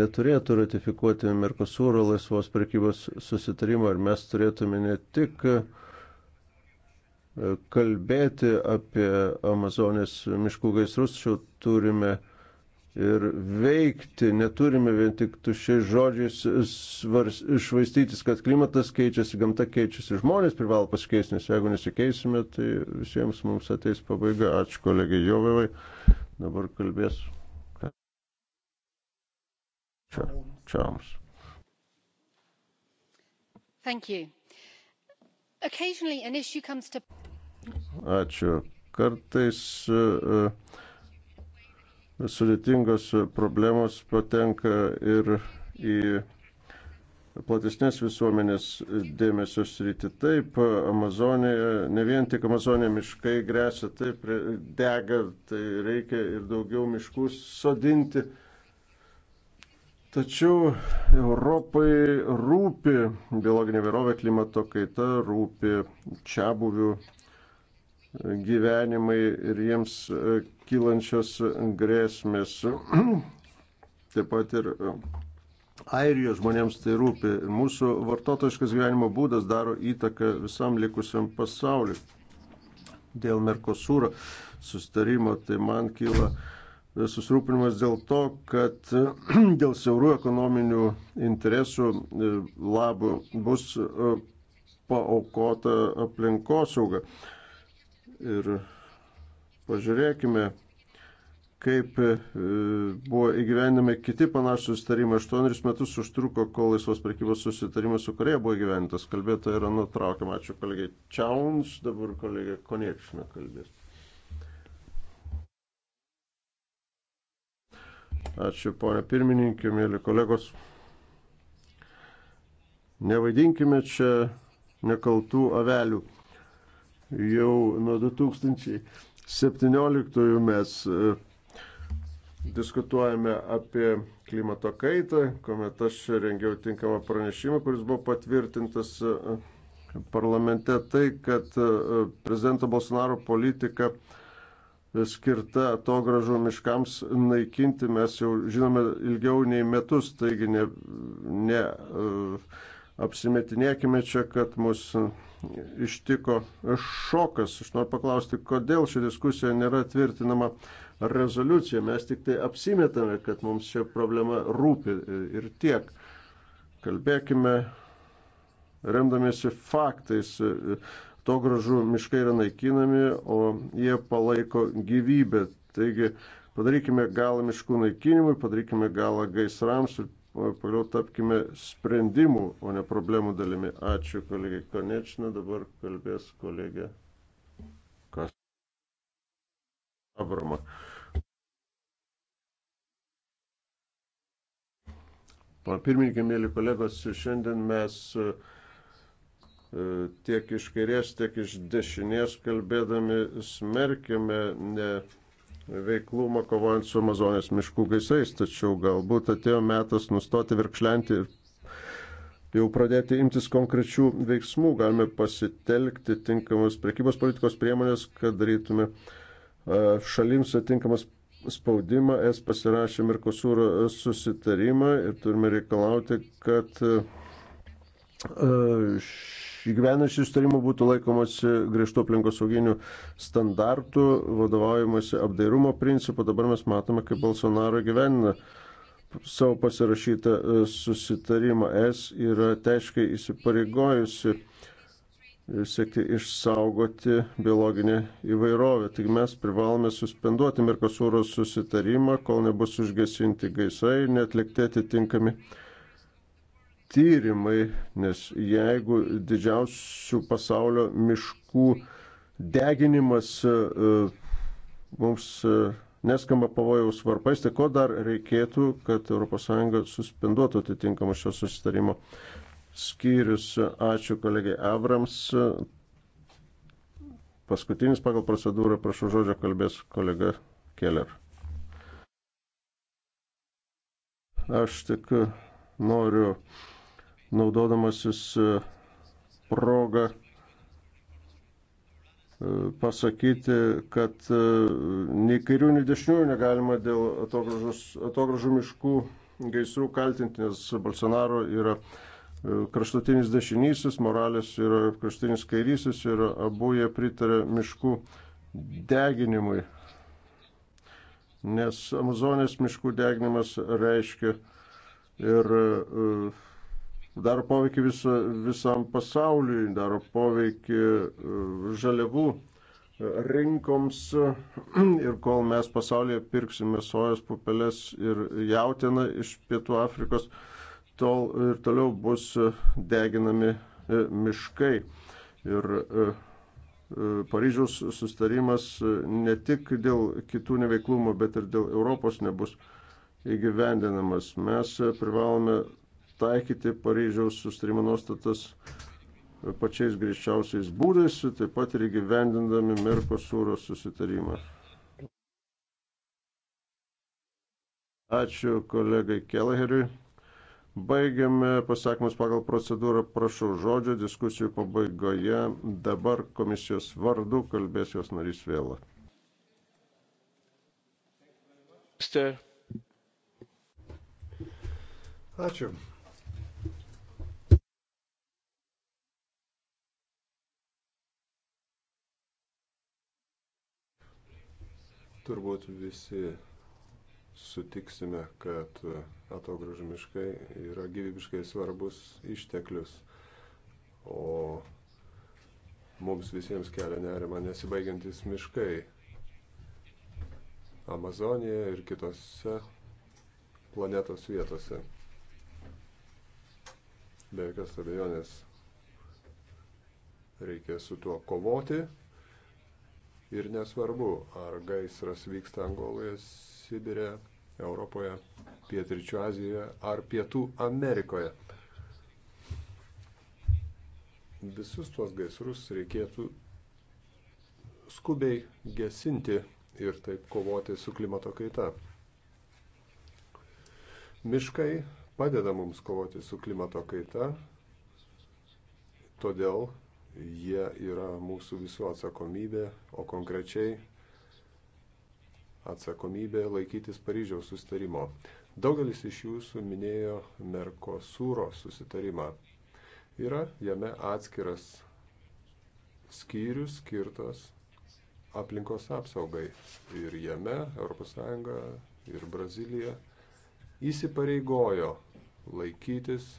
neturėtų ratifikuoti Merkosūro laisvos prekybos susitarimo ir mes turėtume ne tik e, kalbėti apie Amazonės miškų gaisrus, tačiau turime ir veikti, neturime vien tik tušiai žodžiais svars, švaistytis, kad klimatas keičiasi, gamta keičiasi, žmonės privalo pasikeisti, nes jeigu nesikeisime, tai visiems mums ateis pabaiga. Ačiū kolegai Jovevai. Dabar kalbės. Čia, čia mums. Ačiū. Kartais uh, sudėtingos problemos patenka ir į platesnės visuomenės dėmesio sritį. Taip, Amazonija, ne vien tik Amazonija miškai grėsia, taip, dega, tai reikia ir daugiau miškų sodinti. Tačiau Europai rūpi biologinė vėrovė, klimato kaita, rūpi čia buvių gyvenimai ir jiems kylančios grėsmės. taip pat ir Airijos žmonėms tai rūpi. Mūsų vartotojiškas gyvenimo būdas daro įtaką visam likusiam pasauliu. Dėl Merkosūro sustarimo, tai man kyla susirūpinimas dėl to, kad dėl siaurų ekonominių interesų e, labų bus e, paaukota aplinkosauga. Ir pažiūrėkime, kaip e, buvo įgyvendami kiti panašus sustarimai. Aštuonis metus užtruko, kol laisvos prekybos susitarimas su Koreja buvo įgyvendintas. Kalbėtoja yra nutraukiama. Ačiū kolegai Čiauns, dabar kolegė Konečina kalbės. Ačiū ponė pirmininkė, mėly kolegos. Nevaidinkime čia nekaltų avelių. Jau nuo 2000. 17 mes e, diskutuojame apie klimato kaitą, kuomet aš rengiau tinkamą pranešimą, kuris buvo patvirtintas e, parlamente, tai, kad e, prezidento Bolsonaro politika e, skirta to gražu miškams naikinti, mes jau žinome ilgiau nei metus, taigi ne, ne apsimetinėkime čia, kad mus ištiko šokas. Aš noriu paklausti, kodėl ši diskusija nėra tvirtinama rezoliuciją. Mes tik tai apsimetame, kad mums čia problema rūpi ir tiek. Kalbėkime remdamiesi faktais. To gražu miškai yra naikinami, o jie palaiko gyvybę. Taigi padarykime galą miškų naikinimui, padarykime galą gaisrams ir pagaliau tapkime sprendimų, o ne problemų dalimi. Ačiū kolegė Konečina, dabar kalbės kolegė Abramą. Pana pirmininkė, mėly kolegos, šiandien mes e, e, tiek iš kairės, tiek iš dešinės kalbėdami smerkėme ne veiklumą kovojant su Amazonės miškų gaisais, tačiau galbūt atėjo metas nustoti virkšlenti ir jau pradėti imtis konkrečių veiksmų. Galime pasitelkti tinkamas prekybos politikos priemonės, kad darytume uh, šalims atinkamas spaudimą, es pasirašė Mirkosūro susitarimą ir turime reikalauti, kad įgyvenant šį sustarimą būtų laikomasi griežtų aplinkosauginių standartų, vadovaujamasi apdairumo principu. Dabar mes matome, kaip Bolsonaro gyvenina savo pasirašytą susitarimą. Es yra teiškai įsipareigojusi siekti išsaugoti biologinę įvairovę. Tik mes privalome suspenduoti Merkosūro susitarimą, kol nebus užgesinti gaisrai ir netlikti atitinkami tyrimai, nes jeigu didžiausių pasaulio miškų deginimas e, mums e, neskamba pavojaus varpais, tai ko dar reikėtų, kad ES suspenduotų atitinkamą šio susitarimo skyrius. Ačiū kolegiai Abrams. Paskutinis pagal procedūrą, prašau žodžio, kalbės kolega Keller. Aš tik noriu, naudodamasis progą, pasakyti, kad nei kairių, nei dešiniųjų negalima dėl atogražų miškų gaisrų kaltinti, nes Bolsonaro yra uh, kraštutinis dešinysis, moralės yra kraštutinis kairysis ir abu jie pritarė miškų deginimui. Nes Amazonės miškų deginimas reiškia ir e, daro poveikį viso, visam pasauliui, daro poveikį e, žaliavų e, rinkoms ir kol mes pasaulyje pirksime sojos pupelės ir jautieną iš Pietų Afrikos, tol ir toliau bus e, deginami e, miškai. Ir e, Paryžiaus sustarimas ne tik dėl kitų neveiklumo, bet ir dėl Europos nebus įgyvendinamas. Mes privalome taikyti Paryžiaus sustarimo nuostatas pačiais greičiausiais būdais, taip pat ir įgyvendindami Merkosūro susitarimą. Ačiū kolegai Kelheriui. Baigiame pasakymus pagal procedūrą, prašau žodžio, diskusijų pabaigoje. Dabar komisijos vardu kalbės jos narys vėl. Ačiū. Turbūt visi sutiksime, kad atogrąžų miškai yra gyvybiškai svarbus išteklius, o mums visiems kelia nerima nesibaigiantis miškai. Amazonėje ir kitose planetos vietose. Be jokios abejonės reikia su tuo kovoti ir nesvarbu, ar gaisras vyksta Angoloje, Sibirė, Europoje Pietričio Azijoje ar Pietų Amerikoje. Visus tuos gaisrus reikėtų skubiai gesinti ir taip kovoti su klimato kaita. Miškai padeda mums kovoti su klimato kaita, todėl jie yra mūsų visų atsakomybė, o konkrečiai atsakomybė laikytis Paryžiaus sustarimo. Daugelis iš jūsų minėjo Merkosūro susitarimą. Yra jame atskiras skyrius skirtas aplinkos apsaugai. Ir jame ES ir Brazilija įsipareigojo laikytis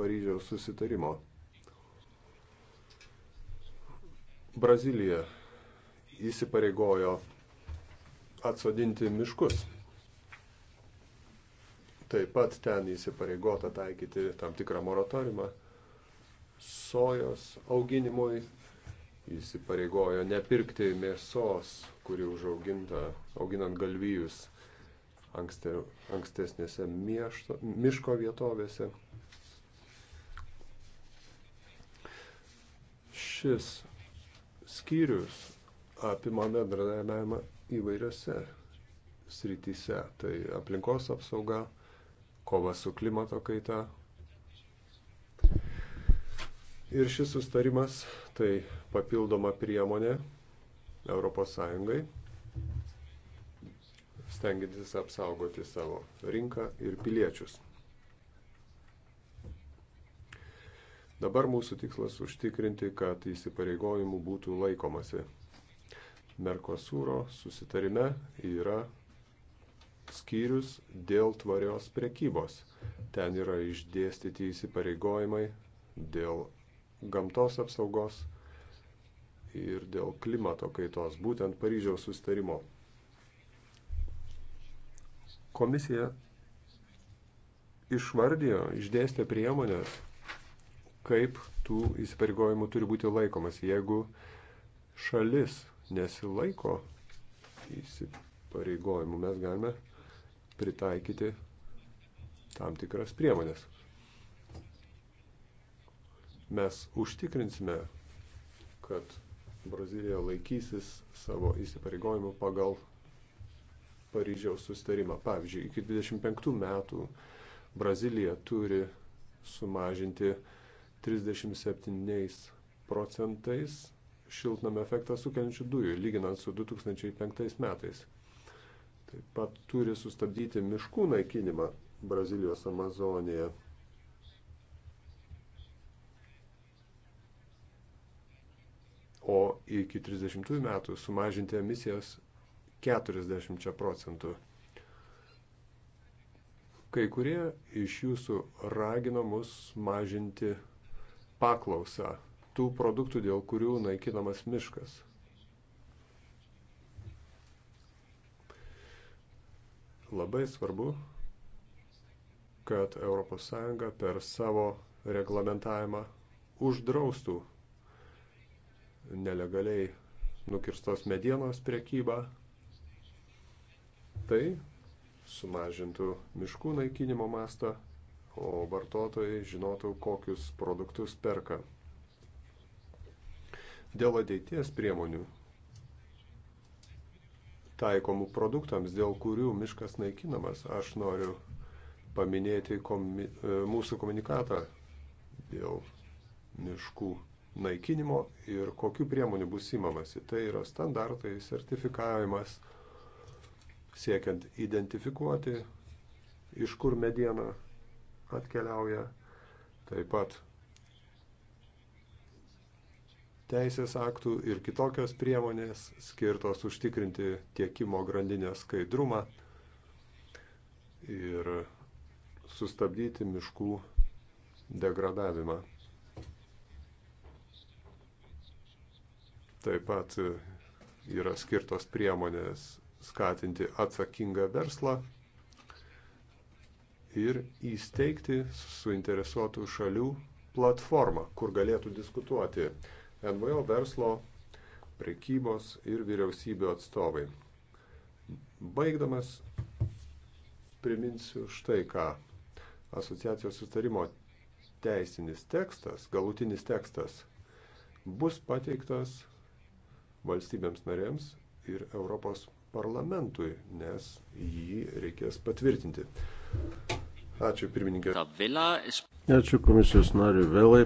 Paryžiaus susitarimo. Brazilija įsipareigojo atsodinti miškus Taip pat ten įsipareigota taikyti tam tikrą moratoriumą sojos auginimui, įsipareigojo nepirkti mėsos, kuri užauginta auginant galvijus ankste, ankstesnėse miešto, miško vietovėse. Šis skyrius apima bendradarbiavimą įvairiose srityse. Tai aplinkos apsauga, kova su klimato kaita. Ir šis sustarimas tai papildoma priemonė ES stengiantis apsaugoti savo rinką ir piliečius. Dabar mūsų tikslas užtikrinti, kad įsipareigojimų būtų laikomasi. Merkosūro susitarime yra skyrius dėl tvarios prekybos. Ten yra išdėstyti įsipareigojimai dėl gamtos apsaugos ir dėl klimato kaitos, būtent Paryžiaus sustarimo. Komisija išvardijo, išdėstė priemonės, kaip tų įsipareigojimų turi būti laikomas. Jeigu šalis nesilaiko įsipareigojimų, mes galime pritaikyti tam tikras priemonės. Mes užtikrinsime, kad Brazilija laikysis savo įsipareigojimų pagal Paryžiaus sustarimą. Pavyzdžiui, iki 25 metų Brazilija turi sumažinti 37 procentais šiltnamio efektą sukeliančių dujų, lyginant su 2005 metais taip pat turi sustabdyti miškų naikinimą Brazilijos Amazonėje. O iki 30 metų sumažinti emisijas 40 procentų. Kai kurie iš jūsų ragino mus mažinti paklausą tų produktų, dėl kurių naikinamas miškas. Labai svarbu, kad ES per savo reglamentavimą uždraustų nelegaliai nukirstos medienos priekybą. Tai sumažintų miškų naikinimo mastą, o vartotojai žinotų, kokius produktus perka. Dėl ateities priemonių taikomų produktams, dėl kurių miškas naikinamas. Aš noriu paminėti komi, e, mūsų komunikatą dėl miškų naikinimo ir kokiu priemonių bus įmamasi. Tai yra standartai, sertifikavimas, siekiant identifikuoti, iš kur mediena atkeliauja, taip pat teisės aktų ir kitokios priemonės skirtos užtikrinti tiekimo grandinės skaidrumą ir sustabdyti miškų degradavimą. Taip pat yra skirtos priemonės skatinti atsakingą verslą ir įsteigti suinteresuotų šalių platformą, kur galėtų diskutuoti NVO verslo, prekybos ir vyriausybių atstovai. Baigdamas priminsiu štai ką. Asociacijos sustarimo teisinis tekstas, galutinis tekstas bus pateiktas valstybėms narėms ir Europos parlamentui, nes jį reikės patvirtinti. Ačiū pirmininkė. Ačiū komisijos nariu Vėlai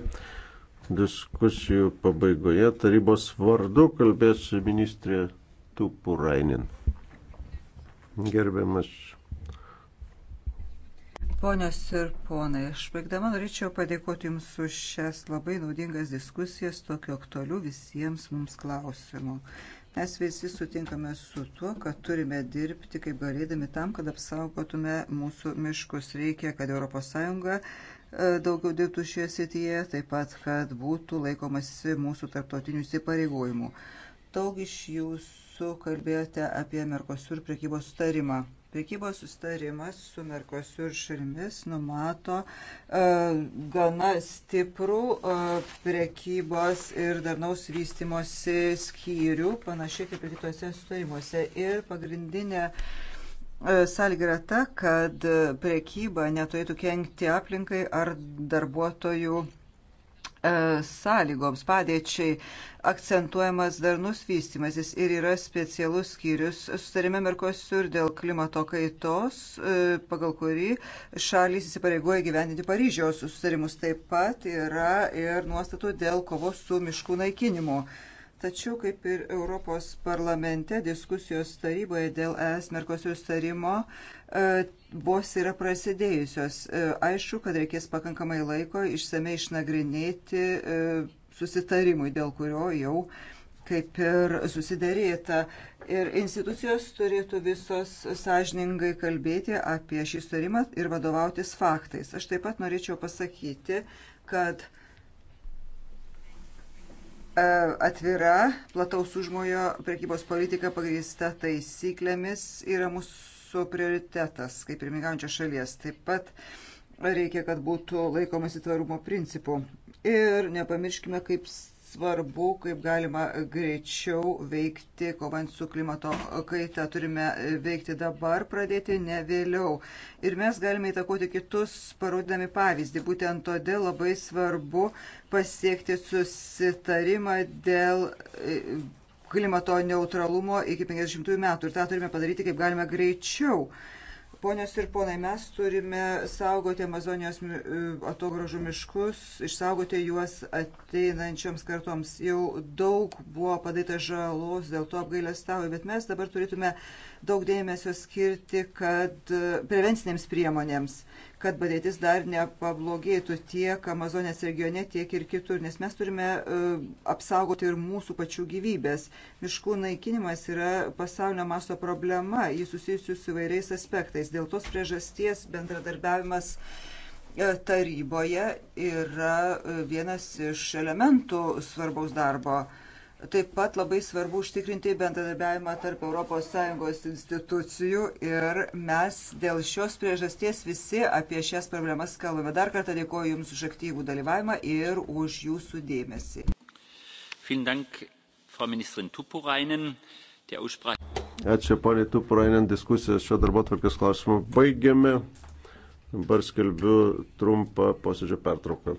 diskusijų pabaigoje tarybos vardu kalbės ministrė Tupurainin. Gerbiamas. Ponios ir ponai, aš baigdama norėčiau padėkoti Jums už šias labai naudingas diskusijas tokiu aktualiu visiems mums klausimu. Mes visi sutinkame su tuo, kad turime dirbti kaip galėdami tam, kad apsaugotume mūsų miškus. Reikia, kad ES E, daugiau dirbtų šioje srityje, taip pat, kad būtų laikomasi mūsų tarptautinių įsipareigojimų. Daug iš jūsų kalbėjote apie Merkosur priekybos sustarimą. Priekybos sustarimas su Merkosur šalimis numato uh, gana stiprų uh, priekybos ir darnaus vystimosi skyrių, panašiai kaip ir kitose sustarimuose. Ir pagrindinė uh, E, sąlyga yra ta, kad priekyba neturėtų kenkti aplinkai ar darbuotojų e, sąlygoms padėčiai akcentuojamas darnus vystimasis ir yra specialus skyrius sustarime Merkosur dėl klimato kaitos, e, pagal kurį šalys įsipareigoja gyveninti Paryžiaus sustarimus. Taip pat yra ir nuostatų dėl kovos su miškų naikinimu. Tačiau, kaip ir Europos parlamente, diskusijos taryboje dėl ES Merkosios tarimo e, vos yra prasidėjusios. E, aišku, kad reikės pakankamai laiko išsamei išnagrinėti e, susitarimui, dėl kurio jau kaip ir susidarėta. Ir institucijos turėtų visos sąžiningai kalbėti apie šį sutarimą ir vadovautis faktais. Aš taip pat norėčiau pasakyti, kad uh, E, atvira, plataus užmojo prekybos politika pagrįsta taisyklėmis yra mūsų prioritetas kaip pirmingaujančio šalies. Taip pat reikia, kad būtų laikomasi tvarumo principų. Ir nepamirškime, kaip svarbu, kaip galima greičiau veikti, kovant su klimato kaita, turime veikti dabar, pradėti ne vėliau. Ir mes galime įtakoti kitus, parodami pavyzdį. Būtent todėl labai svarbu pasiekti susitarimą dėl e, klimato neutralumo iki 50 metų. Ir tą turime padaryti kaip galima greičiau. Ponios ir ponai, mes turime saugoti Amazonijos e, atogražų miškus, išsaugoti juos ateinančioms kartoms. Jau daug buvo padaryta žalos, dėl to apgailestauju, bet mes dabar turėtume daug dėmesio skirti, kad e, prevencinėms priemonėms kad padėtis dar nepablogėtų tiek Amazonės regione, tiek ir kitur, nes mes turime e, apsaugoti ir mūsų pačių gyvybės. Miškų naikinimas yra pasaulio masto problema, jis susijusi su įvairiais aspektais. Dėl tos priežasties bendradarbiavimas e, taryboje yra e, vienas iš elementų svarbaus darbo. Taip pat labai svarbu užtikrinti bendradarbiavimą tarp ES institucijų ir mes dėl šios priežasties visi apie šias problemas kalbame. Dar kartą dėkoju Jums už aktyvų dalyvavimą ir už Jūsų dėmesį. Ačiū, ponė Tupurainen, diskusijas šio darbo tvarkės klausimu baigiame. Dabar skelbiu trumpą posėdžio pertrauką.